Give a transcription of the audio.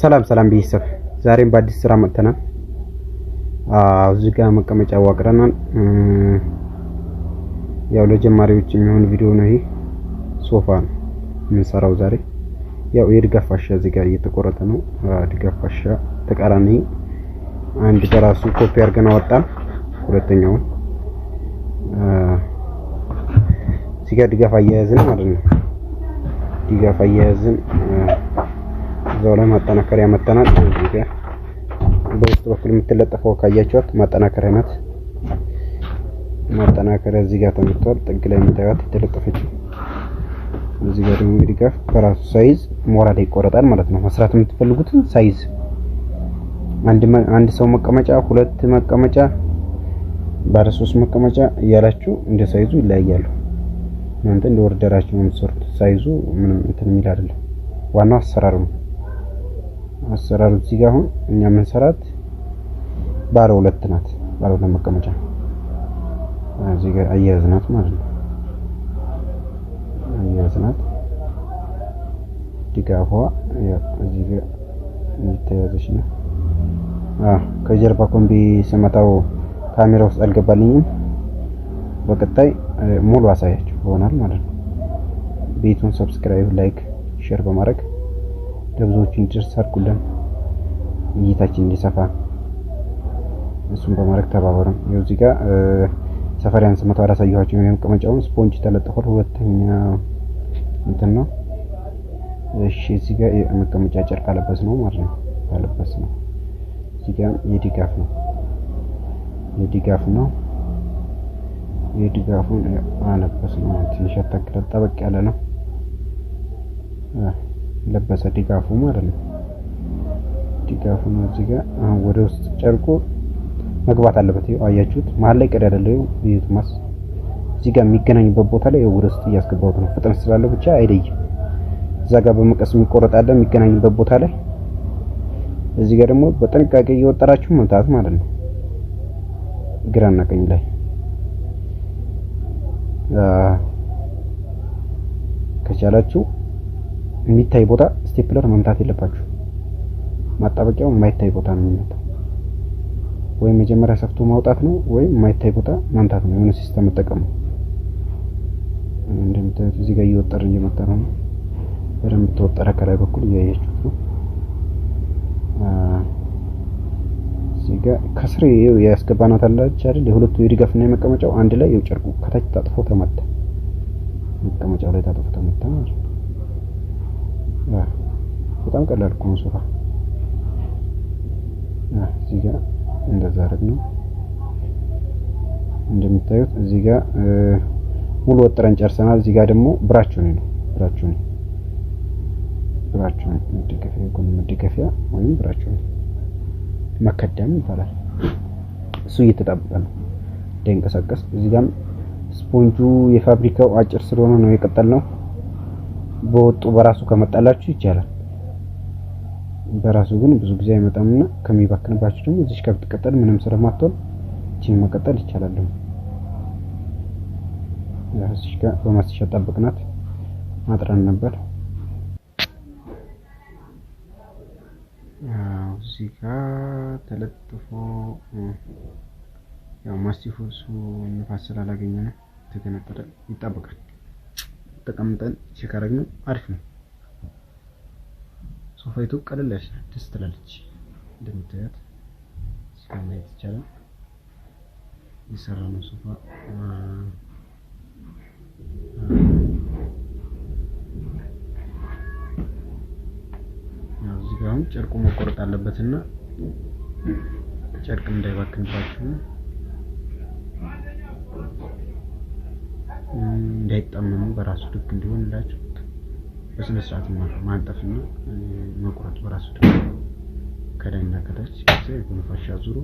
ሰላም ሰላም ቤተሰብ፣ ዛሬም በአዲስ ስራ መጥተናል። እዚህ ጋር መቀመጫ አዋቅረናል። ያው ለጀማሪዎች የሚሆን ቪዲዮ ነው። ይሄ ሶፋ ነው የምንሰራው ዛሬ። ያው የድጋፍ ፋሻ እዚህ ጋር እየተቆረጠ ነው። ድጋፍ ፋሻ ተቃራኒ አንድ በራሱ ኮፒ አድርገን አወጣን። ሁለተኛውን እዚህ ጋር ድጋፍ አያያዝን ማለት ነው። ድጋፍ አያያዝን እዛው ላይ ማጠናከሪያ መተናል። በውስጥ በኩል የምትለጠፈው ካያችኋት ማጠናከሪያ ናት። ማጠናከሪያ እዚህ ጋር ተመቷል። ጥግ ላይ የምታዩት የተለጠፈችው እዚህ ጋር ደግሞ ድጋፍ በራሱ ሳይዝ ሞራል ይቆረጣል ማለት ነው። መስራት የምትፈልጉትን ሳይዝ አንድ ሰው መቀመጫ፣ ሁለት መቀመጫ፣ ባለ ሶስት መቀመጫ እያላችሁ እንደ ሳይዙ ይለያያሉ። እናንተ እንደ ወርደራችሁ ነው የምትሰሩት። ሳይዙ ምንም እንትን የሚል አይደለም። ዋናው አሰራሩ ነው። አሰራሩ እዚህ ጋር አሁን እኛ የምንሰራት ባለ ሁለት ናት። ባለ ሁለት መቀመጫ እዚህ ጋር አያያዝናት ማለት ነው። አያያዝናት ድጋፏ እዚህ ጋር እየተያዘች ነው። ከጀርባ ኮምቢ ስመታው ካሜራ ውስጥ አልገባልኝም። በቀጣይ ሙሉ አሳያችሁ ይሆናል ማለት ነው። ቤቱን ሰብስክራይብ፣ ላይክ፣ ሼር በማድረግ ለብዙዎች እንዲደርስ አድርጉልን፣ እይታችን እንዲሰፋ እሱን በማድረግ ተባበሩም ይኸው እዚህ ጋር ሰፈሪያን ስመተው አላሳየኋቸው። የመቀመጫውን ስፖንጅ ተለጥፏል። ሁለተኛ እንትን ነው። እሺ እዚህ ጋር መቀመጫ ጨርቅ አለበስ ነው ማለት ነው አለበስ ነው። እዚህ ጋር የድጋፍ ነው የድጋፍ ነው የድጋፉን አለበስ ነው። ትንሽ ያታክላል። ጠበቅ ያለ ነው። ለበሰ ድጋፉ ማለት ነው። ድጋፉ ነው እዚህ ጋር አሁን ወደ ውስጥ ጨርቆ መግባት አለበት። ይኸው አያችሁት፣ መሀል ላይ ቀዳዳ አለ። ይኸው ማስ እዚህ ጋር የሚገናኙበት ቦታ ላይ ወደ ውስጥ እያስገባሁት ነው። ፍጥነት ስላለው ብቻ አይለይም። እዛ ጋር በመቀስ የሚቆረጥ አለ የሚገናኝበት ቦታ ላይ። እዚህ ጋር ደግሞ በጥንቃቄ እየወጠራችሁ መምታት ማለት ነው። ግራና ቀኝ ላይ ከቻላችሁ የሚታይ ቦታ ስቴፕለር መምታት የለባችሁ። ማጣበቂያው የማይታይ ቦታ ነው የሚመታው። ወይም መጀመሪያ ሰፍቶ ማውጣት ነው ወይም የማይታይ ቦታ መምታት ነው። የሆነ ሲስተም መጠቀም ነው። እንደምታዩት እዚህ ጋር እየወጠረ እየመታ ነው። በደንብ ተወጠረ። ከላይ በኩል እያያችሁት ነው። እዚህ ጋር ከስር ያስገባናት አላች አይደል? የሁለቱ የድጋፍና የመቀመጫው አንድ ላይ የጨርቁ ከታች ታጥፎ ተመታ። መቀመጫው ላይ ታጥፎ ተመታ። በጣም ቀላል እኮ ነው እዚህ እንደዛ አረግ ነው እንደምታዩት እዚህ ሙሉ ወጥረን ጨርሰናል። እዚህ ጋ ደግሞ ብራችሁን ነው ብራችሁን ብራችሁን መደገፊያ ጎን መደገፊያ ወይም ብራችሁን መከደም ይባላል። እሱ እየተጣበቀ ነው እንዳይንቀሳቀስ። እዚህ ስፖንጁ የፋብሪካው አጭር ስለሆነ ነው የቀጠል ነው። በወጡ በራሱ ከመጣላችሁ ይቻላል። በራሱ ግን ብዙ ጊዜ አይመጣምና ከሚባክንባችሁ ደግሞ እዚሽ ከብትቀጠል ምንም ስለማትሆን ይህችን መቀጠል ይቻላል። እዚሽ ጋር በማስሻ ጠብቅናት ማጥረን ነበር። እዚህ ጋር ተለጥፎ ያው ማስቲፉ እሱ ንፋስ ስላላገኘ ነው የተገነጠለ ይጠብቃል። ተቀምጠን ቼክ አደረግነው አሪፍ ነው። ሶፋይቱ ቀለል ያለች ናት፣ ደስ ትላለች። እንደምታያት ማየት ይቻላል። የሰራነው ሶፋ እዚህ ጋር አሁን ጨርቁ መቆረጥ አለበትና ጨርቅ እንዳይባክንባችሁ እንዳይጣመሙ በራሱ ልክ እንዲሆንላቸው በስነ ስርዓት ማንጠፍና መቁረጥ በራሱ ከላይና ከታች ነፋሻ ዙሮ